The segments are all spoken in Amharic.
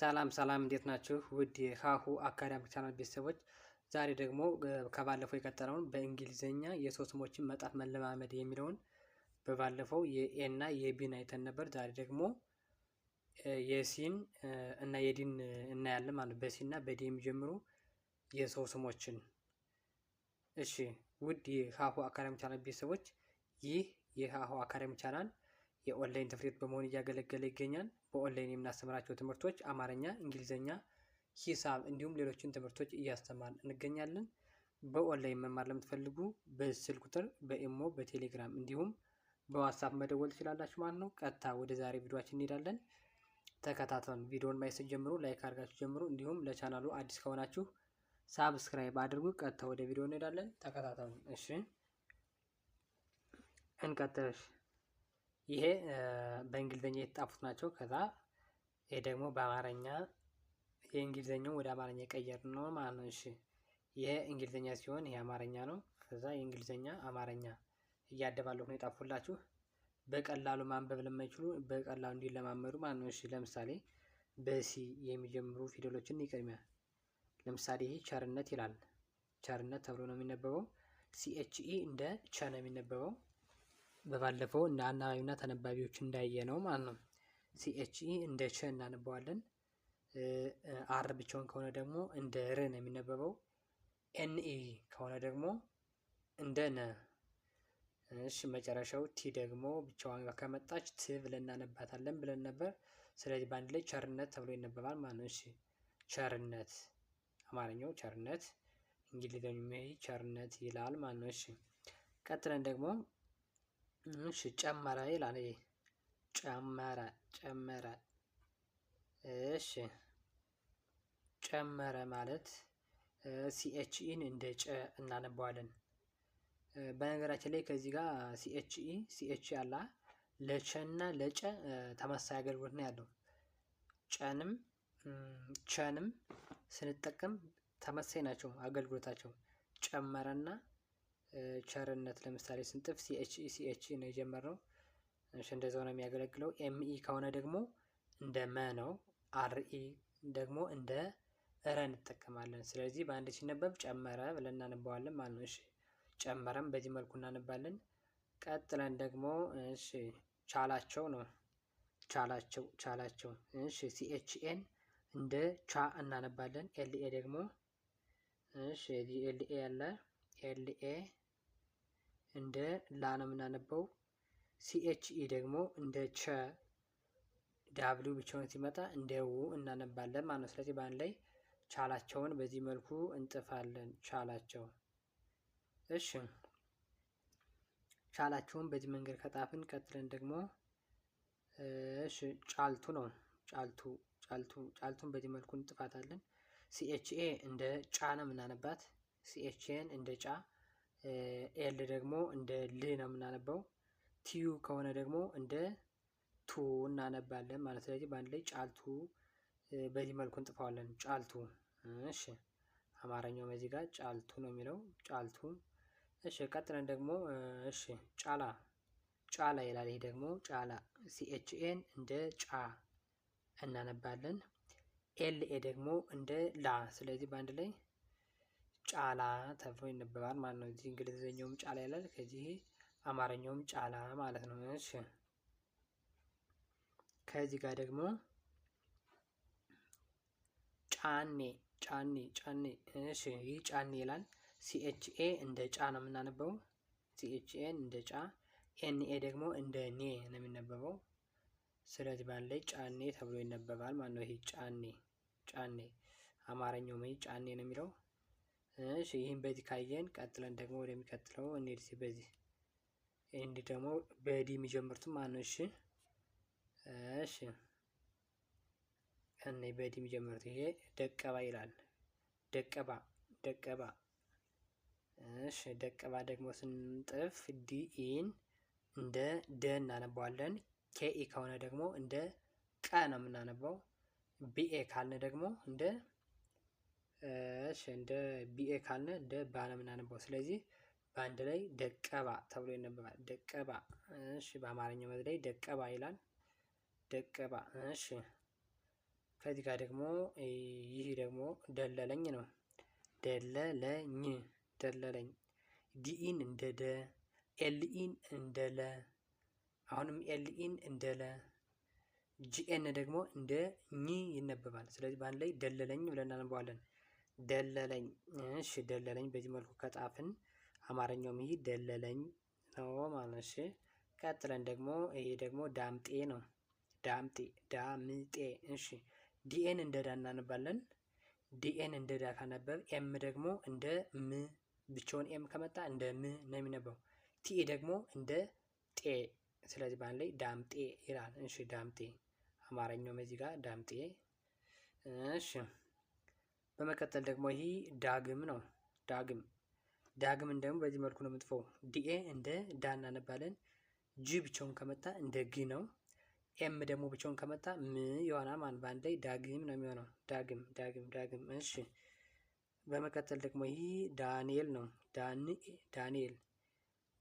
ሰላም ሰላም እንዴት ናችሁ? ውድ የሀሁ አካዳሚክ ቻናል ቤተሰቦች፣ ዛሬ ደግሞ ከባለፈው የቀጠለውን በእንግሊዝኛ የሶስት ስሞችን መጣፍ መለማመድ የሚለውን በባለፈው የኤና የቢን አይተን ነበር። ዛሬ ደግሞ የሲን እና የዲን እናያለን ማለት ነው። በሲና በዲ የሚጀምሩ የሰው ስሞችን። እሺ ውድ የሀሁ አካዳሚ ቻናል ቤተሰቦች፣ ይህ የሀሁ አካዳሚ ቻናል የኦንላይን ትምህርት በመሆን እያገለገለ ይገኛል። በኦንላይን የምናስተምራቸው ትምህርቶች አማርኛ፣ እንግሊዝኛ፣ ሂሳብ እንዲሁም ሌሎችን ትምህርቶች እያስተማር እንገኛለን። በኦንላይን መማር ለምትፈልጉ በስልክ ቁጥር በኢሞ በቴሌግራም እንዲሁም በዋትሳፕ መደወል ትችላላችሁ ማለት ነው። ቀጥታ ወደ ዛሬ ቪዲዮችን እንሄዳለን። ተከታተሉን። ቪዲዮን ማየት ጀምሩ፣ ላይክ አድርጋችሁ ጀምሩ። እንዲሁም ለቻናሉ አዲስ ከሆናችሁ ሳብስክራይብ አድርጉ። ቀጥታ ወደ ቪዲዮ እንሄዳለን። ተከታተሉን። እሺ እንቀጥል። ይሄ በእንግሊዝኛ የተጻፉት ናቸው። ከዛ ይሄ ደግሞ በአማርኛ የእንግሊዘኛው ወደ አማርኛ የቀየር ነው ማለት ነው። እሺ ይሄ እንግሊዝኛ ሲሆን ይሄ አማርኛ ነው። ከዛ የእንግሊዝኛ አማርኛ እያደባለሁ ነው የጣፉላችሁ በቀላሉ ማንበብ ለማይችሉ በቀላሉ እንዲለማመዱ ማለት ነው። እሺ ለምሳሌ በሲ የሚጀምሩ ፊደሎችን ይቀድሚያል። ለምሳሌ ይሄ ቸርነት ይላል። ቸርነት ተብሎ ነው የሚነበበው። ሲኤችኢ እንደ ቸ ነው የሚነበበው በባለፈው እንደ አናባቢና ተነባቢዎች እንዳየ ነው ማለት ነው። ሲኤች ኢ እንደ ቸ እናነበዋለን። አር ብቻውን ከሆነ ደግሞ እንደ ር ነው የሚነበበው። ኤንኢ ከሆነ ደግሞ እንደ ነ። እሺ መጨረሻው ቲ ደግሞ ብቻዋን ከመጣች ት ብለን እናነባታለን ብለን ነበር። ስለዚህ በአንድ ላይ ቸርነት ተብሎ ይነበባል ማለት ነው። እሺ ቸርነት፣ አማርኛው ቸርነት፣ እንግሊዘኛ ቸርነት ይላል ማለት ነው። እሺ ቀጥለን ደግሞ እሺ ጨመረ ይላል። ጨመረ ጨመረ። እሺ ጨመረ ማለት ሲኤችኢን እንደ ጨ እናነባዋለን። በነገራችን ላይ ከዚህ ጋር ሲኤችኢ ሲኤች ያላ ለቸና ለጨ ተመሳሳይ አገልግሎት ነው ያለው። ጨንም ቸንም ስንጠቀም ተመሳሳይ ናቸው አገልግሎታቸው ጨመረና ቸርነት ለምሳሌ ስንጥፍ ሲኤች ኢ ሲኤች ነው የጀመርነው። እሺ እንደዛው ነው የሚያገለግለው። ኤምኢ ከሆነ ደግሞ እንደ መ ነው። አርኢ ደግሞ እንደ እረ እንጠቀማለን። ስለዚህ በአንድ ሲነበብ ጨመረ ብለን እናነባዋለን ማለት ነው። እሺ ጨመረም በዚህ መልኩ እናነባለን። ቀጥለን ደግሞ እሺ ቻላቸው ነው። ቻላቸው ቻላቸው። እሺ ሲኤችኤን እንደ ቻ እናነባለን። ኤልኤ ደግሞ እሺ ኤልኤ ያለ ኤልኤ እንደ ላ ነው የምናነበው። ሲኤችኢ ደግሞ እንደ ቸ፣ ዳብሊው ብቻውን ሲመጣ እንደ ው እናነባለን ማለት ነው። ስለዚህ በአንድ ላይ ቻላቸውን በዚህ መልኩ እንጥፋለን። ቻላቸው። እሺ ቻላቸውን በዚህ መንገድ ከጣፍን ቀጥለን ደግሞ እሺ ጫልቱ ነው። ጫልቱ ጫልቱ ጫልቱን በዚህ መልኩ እንጥፋታለን። ሲኤችኤ እንደ ጫ ነው የምናነባት። ሲኤችኤን እንደ ጫ ኤል ደግሞ እንደ ል ነው የምናነባው ቲዩ ከሆነ ደግሞ እንደ ቱ እናነባለን ማለት። ስለዚህ በአንድ ላይ ጫልቱ በዚህ መልኩ እንጥፈዋለን። ጫልቱ። እሺ አማርኛውም እዚህ ጋር ጫልቱ ነው የሚለው ጫልቱ። እሺ ቀጥለን ደግሞ እሺ ጫላ ጫላ ይላል። ይሄ ደግሞ ጫላ ሲኤችኤን እንደ ጫ እናነባለን። ኤልኤ ደግሞ እንደ ላ። ስለዚህ በአንድ ላይ ጫላ ተብሎ ይነበባል ማለት ነው። እዚህ እንግሊዝኛውም ጫላ ይላል፣ ከዚህ አማርኛውም ጫላ ማለት ነው። እሺ ከዚህ ጋር ደግሞ ጫኔ ጫኔ ጫኔ። እሺ ይህ ጫኔ ይላል። ሲኤችኤ እንደ ጫ ነው የምናነበው። ሲኤችኤ እንደ ጫ፣ ኤንኤ ደግሞ እንደ ኔ ነው የሚነበበው። ስለዚህ ባንድ ላይ ጫኔ ተብሎ ይነበባል ማለት ነው። ይሄ ጫኔ ጫኔ አማርኛው ጫኔ ነው የሚለው እሺ ይህን በዚህ ካየን ቀጥለን ደግሞ ወደሚቀጥለው እንሂድ። በዚህ እንዲህ ደግሞ በዲ የሚጀምሩትን ማን ነው? እሺ እሺ እኔ በዲ የሚጀምሩት ይሄ ደቀባ ይላል። ደቀባ ደቀባ። እሺ ደቀባ ደግሞ ስንጥፍ ኢን እንደ ደ እናነባዋለን። ኬ ኢ ከሆነ ደግሞ እንደ ቀ ነው የምናነባው። ቢኤ ካልን ደግሞ እንደ እሺ እንደ ቢኤ ካልነ እንደ ባለምን አነበው። ስለዚህ በአንድ ላይ ደቀባ ተብሎ ይነበባል። ደቀባ። እሺ በአማርኛው መድ ላይ ደቀባ ይላል። ደቀባ። እሺ ከዚህ ጋር ደግሞ ይህ ደግሞ ደለለኝ ነው። ደለለኝ፣ ደለለኝ። ዲኢን እንደ ደ፣ ኤልኢን እንደ ለ፣ አሁንም ኤልኢን እንደ ለ፣ ጂኤን ደግሞ እንደ ኝ ይነበባል። ስለዚህ በአንድ ላይ ደለለኝ ብለን እናነበዋለን። ደለለኝ። እሺ ደለለኝ በዚህ መልኩ ከጻፍን አማርኛውም ይህ ደለለኝ ነው ማለት እሺ ቀጥለን ደግሞ ይሄ ደግሞ ዳምጤ ነው። ዳምጤ ዳምጤ። እሺ ዲኤን እንደ ዳ እናነባለን። ዲኤን እንደ ዳ ካነበብ ኤም ደግሞ እንደ ም ብቻውን ኤም ከመጣ እንደ ም ነው የሚነበው። ቲኤ ደግሞ እንደ ጤ። ስለዚህ ባንድ ላይ ዳምጤ ይላል። እሺ ዳምጤ አማርኛውም እዚህ ጋር ዳምጤ። እሺ በመቀጠል ደግሞ ይሄ ዳግም ነው። ዳግም ዳግምን ደግሞ በዚህ መልኩ ነው የምጥፈው። ዲኤ እንደ ዳ እናነባለን። ጂ ብቻውን ከመጣ እንደ ግ ነው። ኤም ደግሞ ብቻውን ከመጣ ም የሆነ ማን በአንድ ላይ ዳግም ነው የሚሆነው። ዳግም ዳግም ዳግም። እሺ በመቀጠል ደግሞ ይህ ዳንኤል ነው። ዳንኤል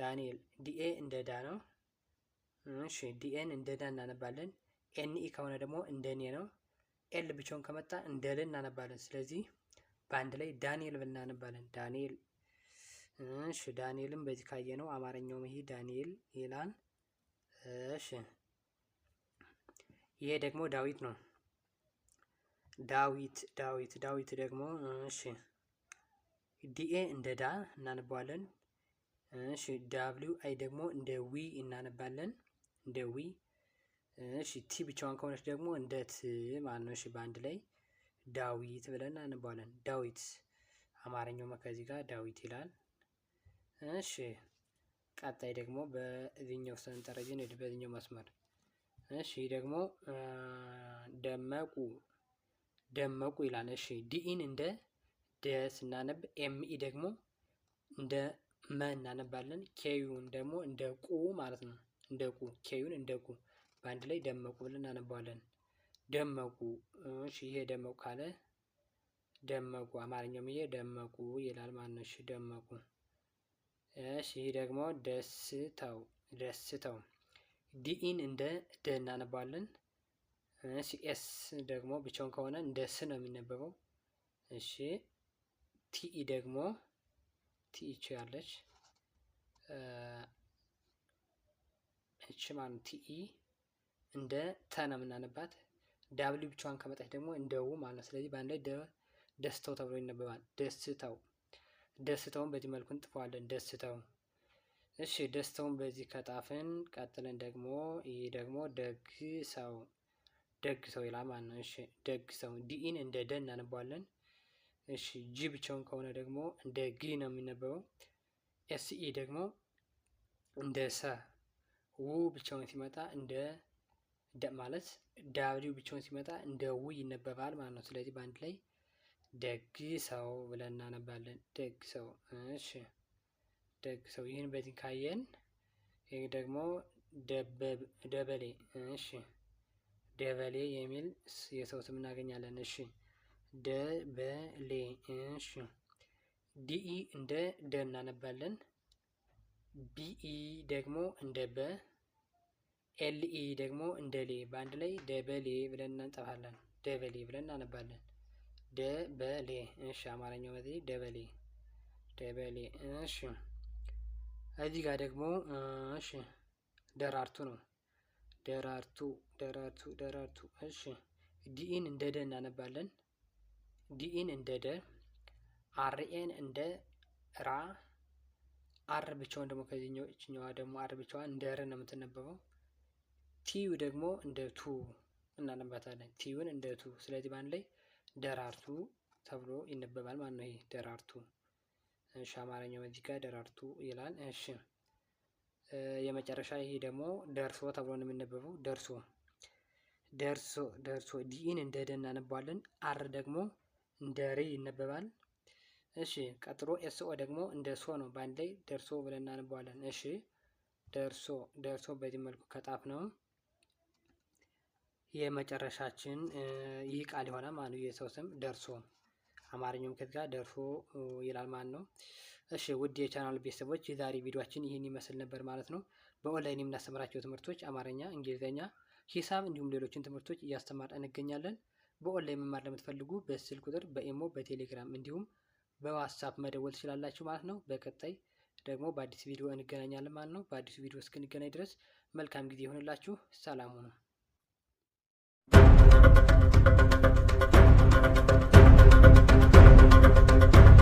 ዳንኤል ዲኤ እንደ ዳ ነው። እሺ ዲኤን እንደ ዳ እናነባለን። ኤንኢ ከሆነ ደግሞ እንደ ኔ ነው። ኤል ብቻውን ከመጣ እንደ ል እናነባለን። ስለዚህ በአንድ ላይ ዳንኤል ብለን እናነባለን። ዳንኤል እሺ፣ ዳንኤልም በዚህ ካየ ነው አማርኛው ይሄ ዳንኤል ይላል። እሺ፣ ይሄ ደግሞ ዳዊት ነው። ዳዊት ዳዊት ዳዊት ደግሞ እሺ፣ ዲኤ እንደ ዳ እናነባዋለን። እሺ፣ ዳብሊው አይ ደግሞ እንደ ዊ እናነባለን። እንደ ዊ እሺ ቲ ብቻዋን ከሆነች ደግሞ እንደ ት ማለት ነው። እሺ በአንድ ላይ ዳዊት ብለን እንባለን። ዳዊት አማርኛው መከዚ ጋር ዳዊት ይላል። እሺ ቀጣይ ደግሞ በዚህኛው ሰንጠረዥ እንሂድ፣ በዚህኛው መስመር። እሺ ደግሞ ደመቁ ደመቁ ይላል። እሺ ዲኢን እንደ ደ ስናነብ ኤምኢ ደግሞ እንደ መ እናነባለን። ኬዩን ደግሞ እንደ ቁ ማለት ነው። እንደ ቁ ኬዩን እንደ ቁ በአንድ ላይ ደመቁ ብለን እናነባዋለን። ደመቁ እሺ፣ ይሄ ደመቁ ካለ ደመቁ አማርኛውም ይሄ ደመቁ ይላል ማለት ነው። እሺ፣ ደመቁ። እሺ፣ ይሄ ደግሞ ደስተው ደስተው። ዲኢን እንደ ደ እናነባዋለን። እሺ፣ ኤስ ደግሞ ብቻውን ከሆነ እንደ ስ ነው የሚነበበው። እሺ፣ ቲኢ ደግሞ ቲኢች ያለች እቺ ማለት ቲኢ እንደ ተ ነው የምናነባት። ዳብሊው ብቻዋን ከመጣች ደግሞ እንደ ው ማለት ነው። ስለዚህ በአንድ ላይ ደስተው ተብሎ ይነበባል። ደስተው ደስተውን በዚህ መልኩ እንጥፈዋለን። ደስተው እሺ፣ ደስተውን በዚህ ከጣፍን ቀጥለን ደግሞ ይህ ደግሞ ደግ ሰው ደግ ሰው ይላል ማለት ነው። እሺ፣ ደግ ሰው ዲኢን እንደ ደ እናነባዋለን። እሺ፣ ጂ ብቻውን ከሆነ ደግሞ እንደ ጊ ነው የሚነበበው። ኤስኢ ደግሞ እንደ ሰ፣ ው ብቻውን ሲመጣ እንደ ማለት ዳብሊው ብቻውን ሲመጣ እንደ ው ይነበባል ማለት ነው። ስለዚህ በአንድ ላይ ደግ ሰው ብለን እናነባለን። ደግ ሰው። እሺ ደግ ሰው። ይህን በዚህ ካየን ይህ ደግሞ ደበሌ። እሺ ደበሌ የሚል የሰው ስም እናገኛለን። እሺ ደበሌ። እሺ ዲኢ እንደ ደ እናነባለን። ቢኢ ደግሞ እንደ በ ኤልኢ ደግሞ እንደ ሌ በአንድ ላይ ደበሌ ብለን እናንጠፋለን። ደበሌ ብለን እናነባለን። ደበሌ እሺ። አማርኛው መዚ ደበሌ ደበሌ። እሺ፣ እዚህ ጋር ደግሞ እሺ፣ ደራርቱ ነው። ደራርቱ ደራርቱ ደራርቱ። እሺ፣ ዲኢን እንደ ደ እናነባለን። ዲኢን እንደ ደ፣ አርኤን እንደ ራ፣ አር ብቻውን ደግሞ ከዚህኛው እችኛዋ ደግሞ አር ብቻዋን እንደ ር ነው የምትነበበው። ቲዩ ደግሞ እንደ ቱ እናነባታለን። ቲዩን እንደ ቱ። ስለዚህ በአንድ ላይ ደራርቱ ተብሎ ይነበባል ማለት ነው። ይሄ ደራርቱ። እሺ፣ አማርኛው በዚህ ጋር ደራርቱ ይላል። እሺ፣ የመጨረሻ ይሄ ደግሞ ደርሶ ተብሎ ነው የሚነበበው። ደርሶ ደርሶ ደርሶ። ዲኢን እንደ ደ እናነባዋለን። አር ደግሞ እንደ ሪ ይነበባል። እሺ፣ ቀጥሎ ኤስኦ ደግሞ እንደ ሶ ነው። በአንድ ላይ ደርሶ ብለን እናነባዋለን። እሺ፣ ደርሶ ደርሶ በዚህ መልኩ ከጣፍ ነው የመጨረሻችን ይህ ቃል የሆነ ማለት የሰው ስም ደርሶ አማርኛውም ከዚህ ጋር ደርሶ ይላል ማለት ነው። እሺ ውድ የቻናል ቤተሰቦች የዛሬ ቪዲዮችን ይህን ይመስል ነበር ማለት ነው። በኦንላይን የምናስተምራቸው ትምህርቶች አማርኛ፣ እንግሊዝኛ፣ ሂሳብ እንዲሁም ሌሎችን ትምህርቶች እያስተማር እንገኛለን። በኦንላይን መማር ለምትፈልጉ በስልክ ቁጥር በኢሞ በቴሌግራም እንዲሁም በዋትሳፕ መደወል ትችላላችሁ ማለት ነው። በቀጣይ ደግሞ በአዲስ ቪዲዮ እንገናኛለን ማለት ነው። በአዲሱ ቪዲዮ እስክንገናኝ ድረስ መልካም ጊዜ ይሆንላችሁ። ሰላም ሁኑ። thank you